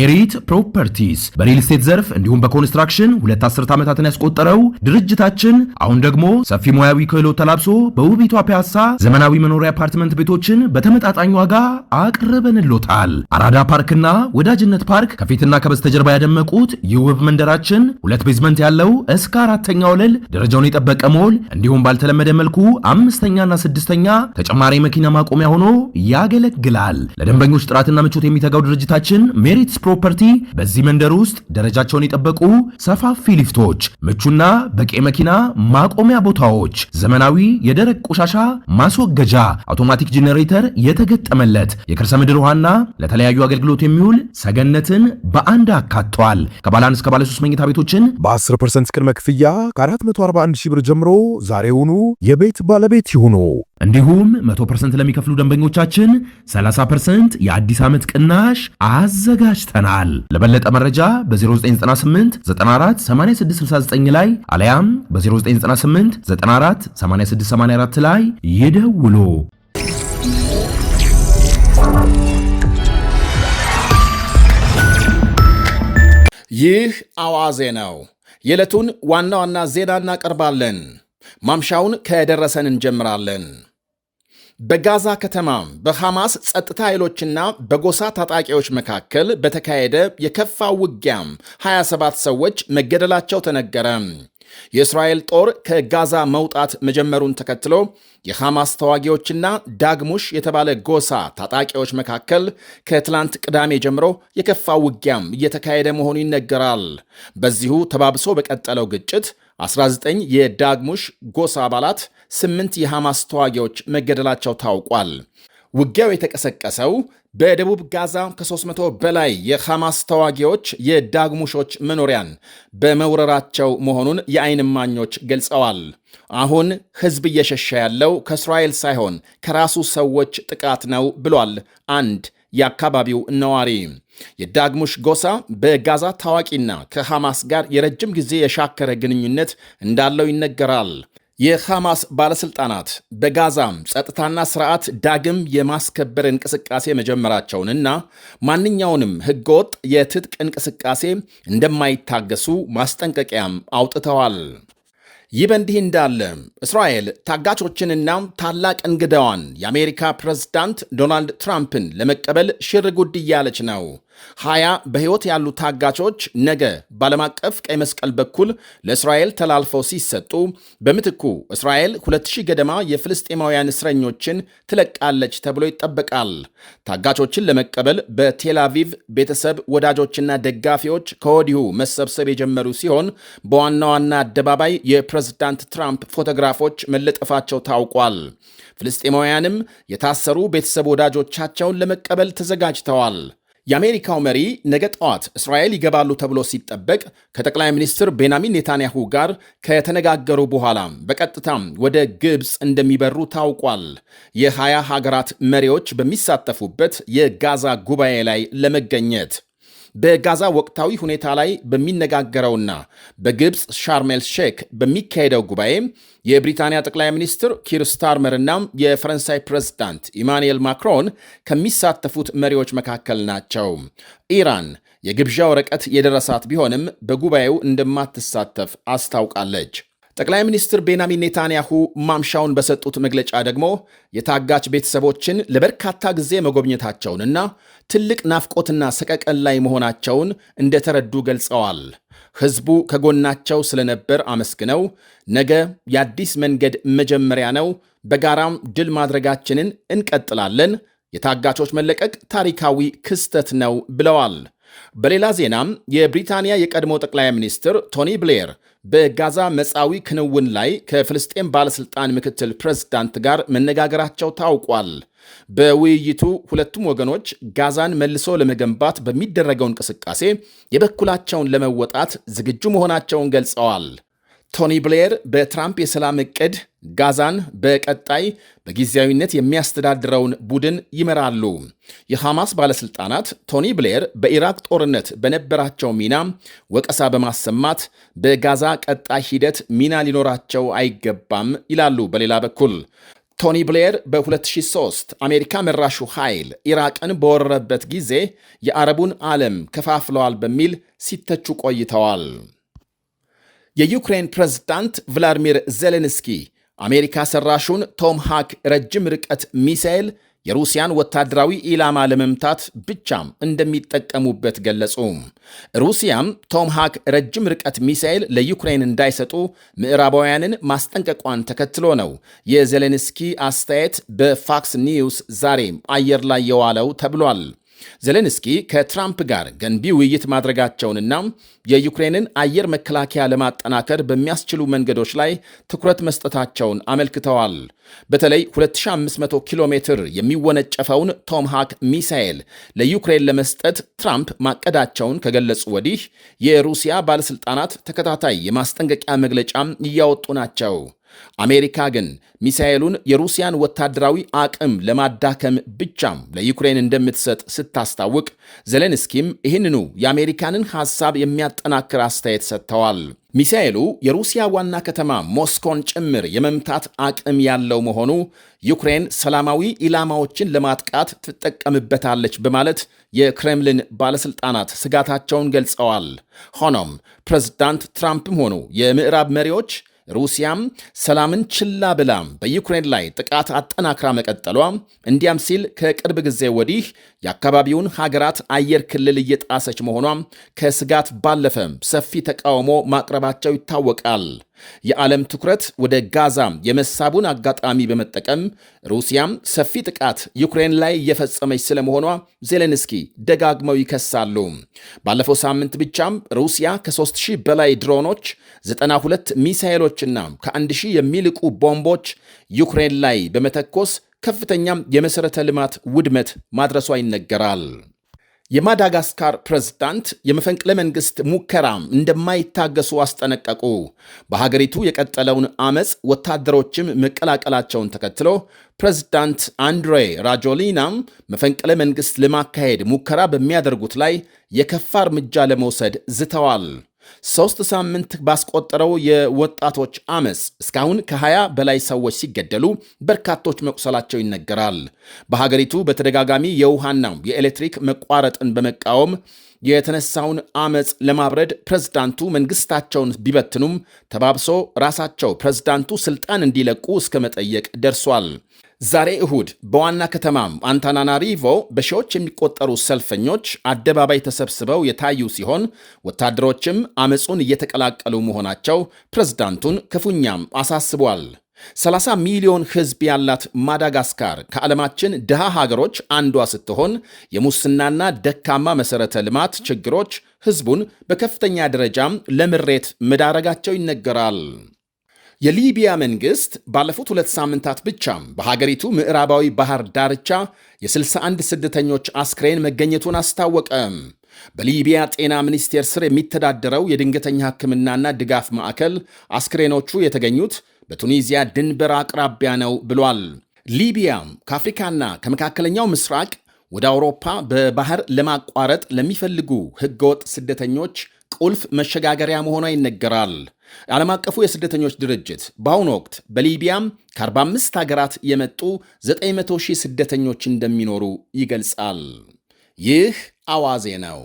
ሜሪት ፕሮፐርቲስ በሪል ስቴት ዘርፍ እንዲሁም በኮንስትራክሽን ሁለት አስርት ዓመታትን ያስቆጠረው ድርጅታችን አሁን ደግሞ ሰፊ ሙያዊ ክህሎት ተላብሶ በውቢቷ ፒያሳ ዘመናዊ መኖሪያ አፓርትመንት ቤቶችን በተመጣጣኝ ዋጋ አቅርበንሎታል። አራዳ ፓርክና ወዳጅነት ፓርክ ከፊትና ከበስተጀርባ ያደመቁት የውብ መንደራችን ሁለት ቤዝመንት ያለው እስከ አራተኛ ወለል ደረጃውን የጠበቀ ሞል እንዲሁም ባልተለመደ መልኩ አምስተኛና ስድስተኛ ተጨማሪ መኪና ማቆሚያ ሆኖ ያገለግላል። ለደንበኞች ጥራትና ምቾት የሚተጋው ድርጅታችን ሜሪት ፕሮፐርቲ በዚህ መንደር ውስጥ ደረጃቸውን የጠበቁ ሰፋፊ ሊፍቶች፣ ምቹና በቂ መኪና ማቆሚያ ቦታዎች፣ ዘመናዊ የደረቅ ቆሻሻ ማስወገጃ፣ አውቶማቲክ ጄኔሬተር የተገጠመለት የከርሰ ምድር ውሃና ለተለያዩ አገልግሎት የሚውል ሰገነትን በአንድ አካቷል። ከባለ አንድ እስከ ባለ ሶስት መኝታ ቤቶችን በ10 ፐርሰንት ቅድመ ክፍያ ከ441 ሺህ ብር ጀምሮ ዛሬውኑ የቤት ባለቤት ይሁኑ። እንዲሁም 100% ለሚከፍሉ ደንበኞቻችን 30% የአዲስ ዓመት ቅናሽ አዘጋጅተናል። ለበለጠ መረጃ በ0998 94 8669 ላይ አለያም በ0998 94 8684 ላይ ይደውሉ። ይህ አዋዜ ነው። የዕለቱን ዋና ዋና ዜና እናቀርባለን። ማምሻውን ከደረሰን እንጀምራለን። በጋዛ ከተማ በሐማስ ጸጥታ ኃይሎችና በጎሳ ታጣቂዎች መካከል በተካሄደ የከፋ ውጊያ 27 ሰዎች መገደላቸው ተነገረ። የእስራኤል ጦር ከጋዛ መውጣት መጀመሩን ተከትሎ የሐማስ ተዋጊዎችና ዳግሙሽ የተባለ ጎሳ ታጣቂዎች መካከል ከትላንት ቅዳሜ ጀምሮ የከፋ ውጊያም እየተካሄደ መሆኑ ይነገራል። በዚሁ ተባብሶ በቀጠለው ግጭት 19 የዳግሙሽ ጎሳ አባላት ስምንት የሐማስ ተዋጊዎች መገደላቸው ታውቋል። ውጊያው የተቀሰቀሰው በደቡብ ጋዛ ከ300 በላይ የሐማስ ተዋጊዎች የዳግሙሾች መኖሪያን በመውረራቸው መሆኑን የዓይን እማኞች ገልጸዋል። አሁን ሕዝብ እየሸሸ ያለው ከእስራኤል ሳይሆን ከራሱ ሰዎች ጥቃት ነው ብሏል አንድ የአካባቢው ነዋሪ። የዳግሙሽ ጎሳ በጋዛ ታዋቂና ከሐማስ ጋር የረጅም ጊዜ የሻከረ ግንኙነት እንዳለው ይነገራል። የሐማስ ባለሥልጣናት በጋዛም ጸጥታና ስርዓት ዳግም የማስከበር እንቅስቃሴ መጀመራቸውንና ማንኛውንም ሕገወጥ የትጥቅ እንቅስቃሴ እንደማይታገሱ ማስጠንቀቂያም አውጥተዋል። ይህ በእንዲህ እንዳለ እስራኤል ታጋቾችንና ታላቅ እንግዳዋን የአሜሪካ ፕሬዝዳንት ዶናልድ ትራምፕን ለመቀበል ሽር ጉድ እያለች ነው። ሀያ በሕይወት ያሉ ታጋቾች ነገ ባለም አቀፍ ቀይ መስቀል በኩል ለእስራኤል ተላልፈው ሲሰጡ በምትኩ እስራኤል 2000 ገደማ የፍልስጤማውያን እስረኞችን ትለቃለች ተብሎ ይጠበቃል። ታጋቾችን ለመቀበል በቴላቪቭ ቤተሰብ፣ ወዳጆችና ደጋፊዎች ከወዲሁ መሰብሰብ የጀመሩ ሲሆን በዋና ዋና አደባባይ የፕሬዝዳንት ትራምፕ ፎቶግራፎች መለጠፋቸው ታውቋል። ፍልስጤማውያንም የታሰሩ ቤተሰብ ወዳጆቻቸውን ለመቀበል ተዘጋጅተዋል። የአሜሪካው መሪ ነገ ጠዋት እስራኤል ይገባሉ ተብሎ ሲጠበቅ ከጠቅላይ ሚኒስትር ቤንያሚን ኔታንያሁ ጋር ከተነጋገሩ በኋላ በቀጥታም ወደ ግብፅ እንደሚበሩ ታውቋል። የሀያ ሀገራት መሪዎች በሚሳተፉበት የጋዛ ጉባኤ ላይ ለመገኘት በጋዛ ወቅታዊ ሁኔታ ላይ በሚነጋገረውና በግብፅ ሻርሜል ሼክ በሚካሄደው ጉባኤ የብሪታንያ ጠቅላይ ሚኒስትር ኪር ስታርመር እና የፈረንሳይ ፕሬዝዳንት ኢማንኤል ማክሮን ከሚሳተፉት መሪዎች መካከል ናቸው። ኢራን የግብዣ ወረቀት የደረሳት ቢሆንም በጉባኤው እንደማትሳተፍ አስታውቃለች። ጠቅላይ ሚኒስትር ቤንያሚን ኔታንያሁ ማምሻውን በሰጡት መግለጫ ደግሞ የታጋች ቤተሰቦችን ለበርካታ ጊዜ መጎብኘታቸውንና ትልቅ ናፍቆትና ሰቀቀን ላይ መሆናቸውን እንደተረዱ ገልጸዋል። ሕዝቡ ከጎናቸው ስለነበር አመስግነው ነገ የአዲስ መንገድ መጀመሪያ ነው፣ በጋራም ድል ማድረጋችንን እንቀጥላለን፣ የታጋቾች መለቀቅ ታሪካዊ ክስተት ነው ብለዋል። በሌላ ዜናም የብሪታንያ የቀድሞ ጠቅላይ ሚኒስትር ቶኒ ብሌር በጋዛ መጻዊ ክንውን ላይ ከፍልስጤም ባለሥልጣን ምክትል ፕሬዝዳንት ጋር መነጋገራቸው ታውቋል። በውይይቱ ሁለቱም ወገኖች ጋዛን መልሶ ለመገንባት በሚደረገው እንቅስቃሴ የበኩላቸውን ለመወጣት ዝግጁ መሆናቸውን ገልጸዋል። ቶኒ ብሌር በትራምፕ የሰላም እቅድ ጋዛን በቀጣይ በጊዜያዊነት የሚያስተዳድረውን ቡድን ይመራሉ። የሐማስ ባለሥልጣናት ቶኒ ብሌር በኢራቅ ጦርነት በነበራቸው ሚና ወቀሳ በማሰማት በጋዛ ቀጣይ ሂደት ሚና ሊኖራቸው አይገባም ይላሉ። በሌላ በኩል ቶኒ ብሌር በ2003 አሜሪካ መራሹ ኃይል ኢራቅን በወረረበት ጊዜ የአረቡን ዓለም ከፋፍለዋል በሚል ሲተቹ ቆይተዋል። የዩክሬን ፕሬዝዳንት ቭላዲሚር ዜሌንስኪ አሜሪካ ሰራሹን ሃክ ረጅም ርቀት ሚሳኤል የሩሲያን ወታደራዊ ኢላማ ለመምታት ብቻም እንደሚጠቀሙበት ገለጹ። ሩሲያም ሃክ ረጅም ርቀት ሚሳኤል ለዩክሬን እንዳይሰጡ ምዕራባውያንን ማስጠንቀቋን ተከትሎ ነው የዜሌንስኪ አስተያየት በፋክስ ኒውስ ዛሬ አየር ላይ የዋለው ተብሏል። ዜሌንስኪ ከትራምፕ ጋር ገንቢ ውይይት ማድረጋቸውንና የዩክሬንን አየር መከላከያ ለማጠናከር በሚያስችሉ መንገዶች ላይ ትኩረት መስጠታቸውን አመልክተዋል። በተለይ 2500 ኪሎ ሜትር የሚወነጨፈውን ቶምሃክ ሚሳኤል ለዩክሬን ለመስጠት ትራምፕ ማቀዳቸውን ከገለጹ ወዲህ የሩሲያ ባለሥልጣናት ተከታታይ የማስጠንቀቂያ መግለጫም እያወጡ ናቸው። አሜሪካ ግን ሚሳኤሉን የሩሲያን ወታደራዊ አቅም ለማዳከም ብቻም ለዩክሬን እንደምትሰጥ ስታስታውቅ፣ ዘሌንስኪም ይህንኑ የአሜሪካንን ሐሳብ የሚያጠናክር አስተያየት ሰጥተዋል። ሚሳኤሉ የሩሲያ ዋና ከተማ ሞስኮን ጭምር የመምታት አቅም ያለው መሆኑ ዩክሬን ሰላማዊ ኢላማዎችን ለማጥቃት ትጠቀምበታለች በማለት የክሬምሊን ባለሥልጣናት ስጋታቸውን ገልጸዋል። ሆኖም ፕሬዝዳንት ትራምፕም ሆኑ የምዕራብ መሪዎች ሩሲያም ሰላምን ችላ ብላ በዩክሬን ላይ ጥቃት አጠናክራ መቀጠሏ እንዲያም ሲል ከቅርብ ጊዜ ወዲህ የአካባቢውን ሀገራት አየር ክልል እየጣሰች መሆኗ ከስጋት ባለፈ ሰፊ ተቃውሞ ማቅረባቸው ይታወቃል። የዓለም ትኩረት ወደ ጋዛ የመሳቡን አጋጣሚ በመጠቀም ሩሲያም ሰፊ ጥቃት ዩክሬን ላይ እየፈጸመች ስለመሆኗ ዜሌንስኪ ደጋግመው ይከሳሉ። ባለፈው ሳምንት ብቻም ሩሲያ ከ3000 በላይ ድሮኖች፣ 92 ሚሳይሎችና ከ1000 የሚልቁ ቦምቦች ዩክሬን ላይ በመተኮስ ከፍተኛም የመሠረተ ልማት ውድመት ማድረሷ ይነገራል። የማዳጋስካር ፕሬዝዳንት የመፈንቅለ መንግስት ሙከራም እንደማይታገሱ አስጠነቀቁ። በሀገሪቱ የቀጠለውን አመፅ ወታደሮችም መቀላቀላቸውን ተከትሎ ፕሬዝዳንት አንድሬ ራጆሊናም መፈንቅለ መንግስት ለማካሄድ ሙከራ በሚያደርጉት ላይ የከፋ እርምጃ ለመውሰድ ዝተዋል። ሶስት ሳምንት ባስቆጠረው የወጣቶች አመፅ እስካሁን ከ20 በላይ ሰዎች ሲገደሉ በርካቶች መቁሰላቸው ይነገራል። በሀገሪቱ በተደጋጋሚ የውሃና የኤሌክትሪክ መቋረጥን በመቃወም የተነሳውን አመፅ ለማብረድ ፕሬዝዳንቱ መንግስታቸውን ቢበትኑም ተባብሶ ራሳቸው ፕሬዝዳንቱ ስልጣን እንዲለቁ እስከ መጠየቅ ደርሷል። ዛሬ እሁድ በዋና ከተማም አንታናናሪቮ በሺዎች የሚቆጠሩ ሰልፈኞች አደባባይ ተሰብስበው የታዩ ሲሆን ወታደሮችም አመፁን እየተቀላቀሉ መሆናቸው ፕሬዝዳንቱን ክፉኛም አሳስቧል። 30 ሚሊዮን ሕዝብ ያላት ማዳጋስካር ከዓለማችን ድሃ ሀገሮች አንዷ ስትሆን የሙስናና ደካማ መሠረተ ልማት ችግሮች ሕዝቡን በከፍተኛ ደረጃም ለምሬት መዳረጋቸው ይነገራል። የሊቢያ መንግስት ባለፉት ሁለት ሳምንታት ብቻ በሀገሪቱ ምዕራባዊ ባህር ዳርቻ የ61 ስደተኞች አስክሬን መገኘቱን አስታወቀ። በሊቢያ ጤና ሚኒስቴር ስር የሚተዳደረው የድንገተኛ ሕክምናና ድጋፍ ማዕከል አስክሬኖቹ የተገኙት በቱኒዚያ ድንበር አቅራቢያ ነው ብሏል። ሊቢያም ከአፍሪካና ከመካከለኛው ምስራቅ ወደ አውሮፓ በባህር ለማቋረጥ ለሚፈልጉ ህገወጥ ስደተኞች ቁልፍ መሸጋገሪያ መሆኗ ይነገራል። ዓለም አቀፉ የስደተኞች ድርጅት በአሁኑ ወቅት በሊቢያም ከ45 ሀገራት የመጡ 900 ሺህ ስደተኞች እንደሚኖሩ ይገልጻል። ይህ አዋዜ ነው።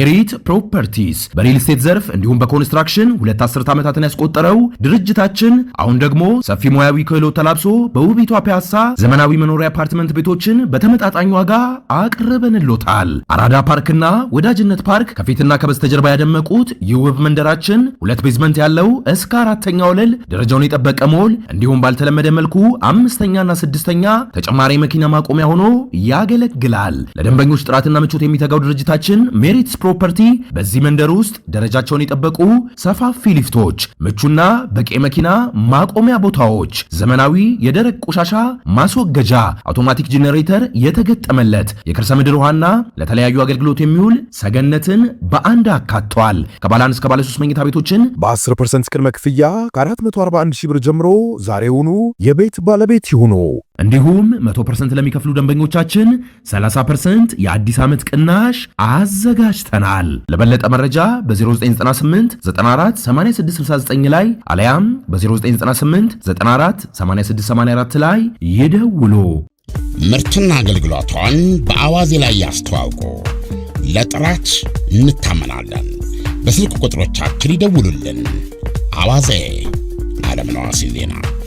ኤሪት ፕሮፐርቲስ በሪል ስቴት ዘርፍ እንዲሁም በኮንስትራክሽን ሁለት አስርት ዓመታትን ያስቆጠረው ድርጅታችን አሁን ደግሞ ሰፊ ሙያዊ ክህሎት ተላብሶ በውቢቷ ፒያሳ ዘመናዊ መኖሪያ አፓርትመንት ቤቶችን በተመጣጣኝ ዋጋ አቅርበንሎታል። አራዳ ፓርክና ወዳጅነት ፓርክ ከፊትና ከበስተጀርባ ያደመቁት የውብ መንደራችን ሁለት ቤዝመንት ያለው እስከ አራተኛ ወለል ደረጃውን የጠበቀ ሞል እንዲሁም ባልተለመደ መልኩ አምስተኛና ስድስተኛ ተጨማሪ መኪና ማቆሚያ ሆኖ ያገለግላል። ለደንበኞች ጥራትና ምቾት የሚተጋው ድርጅታችን ሜሪት ፕሮፐርቲ በዚህ መንደር ውስጥ ደረጃቸውን የጠበቁ ሰፋፊ ሊፍቶች፣ ምቹና በቂ መኪና ማቆሚያ ቦታዎች፣ ዘመናዊ የደረቅ ቆሻሻ ማስወገጃ፣ አውቶማቲክ ጄኔሬተር የተገጠመለት የከርሰ ምድር ውሃና ለተለያዩ አገልግሎት የሚውል ሰገነትን በአንድ አካቷል። ከባለ አንድ እስከ ባለ ሶስት መኝታ ቤቶችን በ10 ፐርሰንት ቅድመ ክፍያ ከ441 ሺህ ብር ጀምሮ ዛሬውኑ የቤት ባለቤት ይሁኑ። እንዲሁም 100% ለሚከፍሉ ደንበኞቻችን 30% የአዲስ ዓመት ቅናሽ አዘጋጅተናል። ለበለጠ መረጃ በ0998 94 8669 ላይ አለያም በ0998 94 8684 ላይ ይደውሉ። ምርትና አገልግሎቷን በአዋዜ ላይ ያስተዋውቁ። ለጥራች እንታመናለን። በስልክ ቁጥሮቻችን ይደውሉልን። አዋዜ አለምነህ ዋሴ ዜና